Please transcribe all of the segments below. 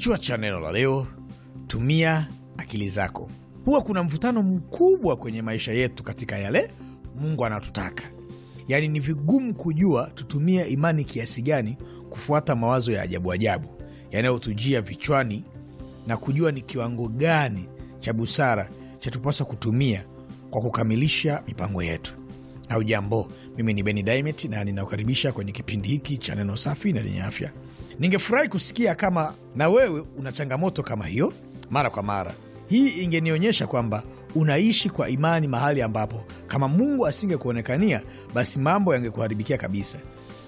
Kichwa cha neno la leo: tumia akili zako. Huwa kuna mvutano mkubwa kwenye maisha yetu katika yale Mungu anatutaka, yaani ni vigumu kujua tutumie imani kiasi gani kufuata mawazo ya ajabu ajabu yanayotujia vichwani na kujua ni kiwango gani cha busara chatupaswa kutumia kwa kukamilisha mipango yetu. Au jambo, mimi ni Beni Daimet na ninakukaribisha kwenye kipindi hiki cha neno safi na lenye afya. Ningefurahi kusikia kama na wewe una changamoto kama hiyo mara kwa mara. Hii ingenionyesha kwamba unaishi kwa imani mahali ambapo kama Mungu asingekuonekania basi mambo yangekuharibikia kabisa.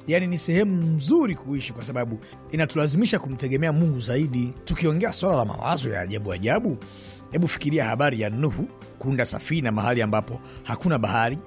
Yaani ni sehemu nzuri kuishi kwa sababu inatulazimisha kumtegemea Mungu zaidi. Tukiongea swala la mawazo ya ajabu ajabu, hebu fikiria habari ya Nuhu kuunda safina mahali ambapo hakuna bahari.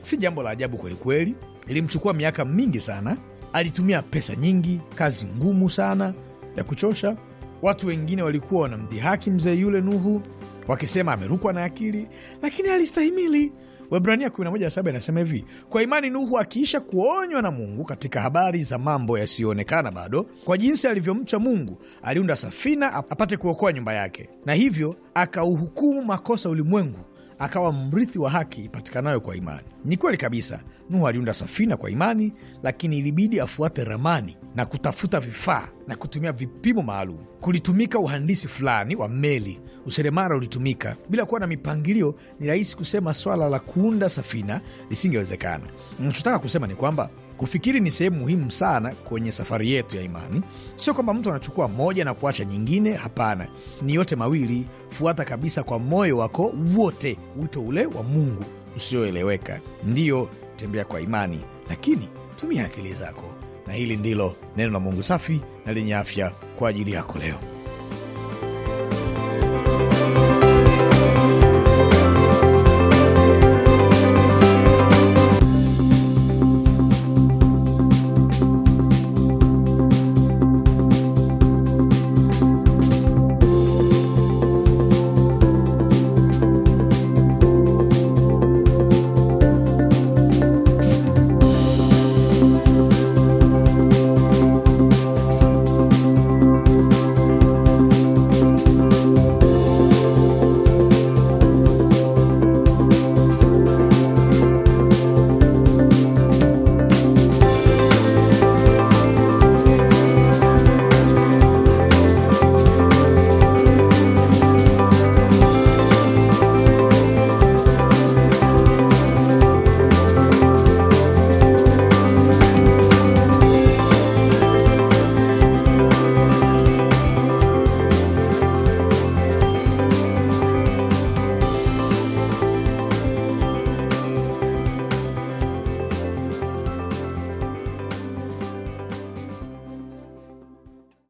Si jambo la ajabu kwelikweli. Ilimchukua miaka mingi sana Alitumia pesa nyingi, kazi ngumu sana ya kuchosha. Watu wengine walikuwa wanamdhihaki mzee yule Nuhu wakisema amerukwa na akili, lakini alistahimili. Waebrania 11:7 inasema hivi: kwa imani Nuhu akiisha kuonywa na Mungu katika habari za mambo yasiyoonekana bado, kwa jinsi alivyomcha Mungu aliunda safina apate kuokoa nyumba yake, na hivyo akauhukumu makosa ulimwengu akawa mrithi wa haki ipatikanayo kwa imani. Ni kweli kabisa, Nuhu aliunda safina kwa imani, lakini ilibidi afuate ramani na kutafuta vifaa na kutumia vipimo maalum. Kulitumika uhandisi fulani wa meli, useremara ulitumika. Bila kuwa na mipangilio, ni rahisi kusema swala la kuunda safina lisingewezekana. Nachotaka kusema ni kwamba Kufikiri ni sehemu muhimu sana kwenye safari yetu ya imani. Sio kwamba mtu anachukua moja na kuacha nyingine, hapana, ni yote mawili. Fuata kabisa kwa moyo wako wote wito ule wa Mungu usioeleweka. Ndiyo, tembea kwa imani, lakini tumia akili zako, na hili ndilo neno la Mungu safi na lenye afya kwa ajili yako leo.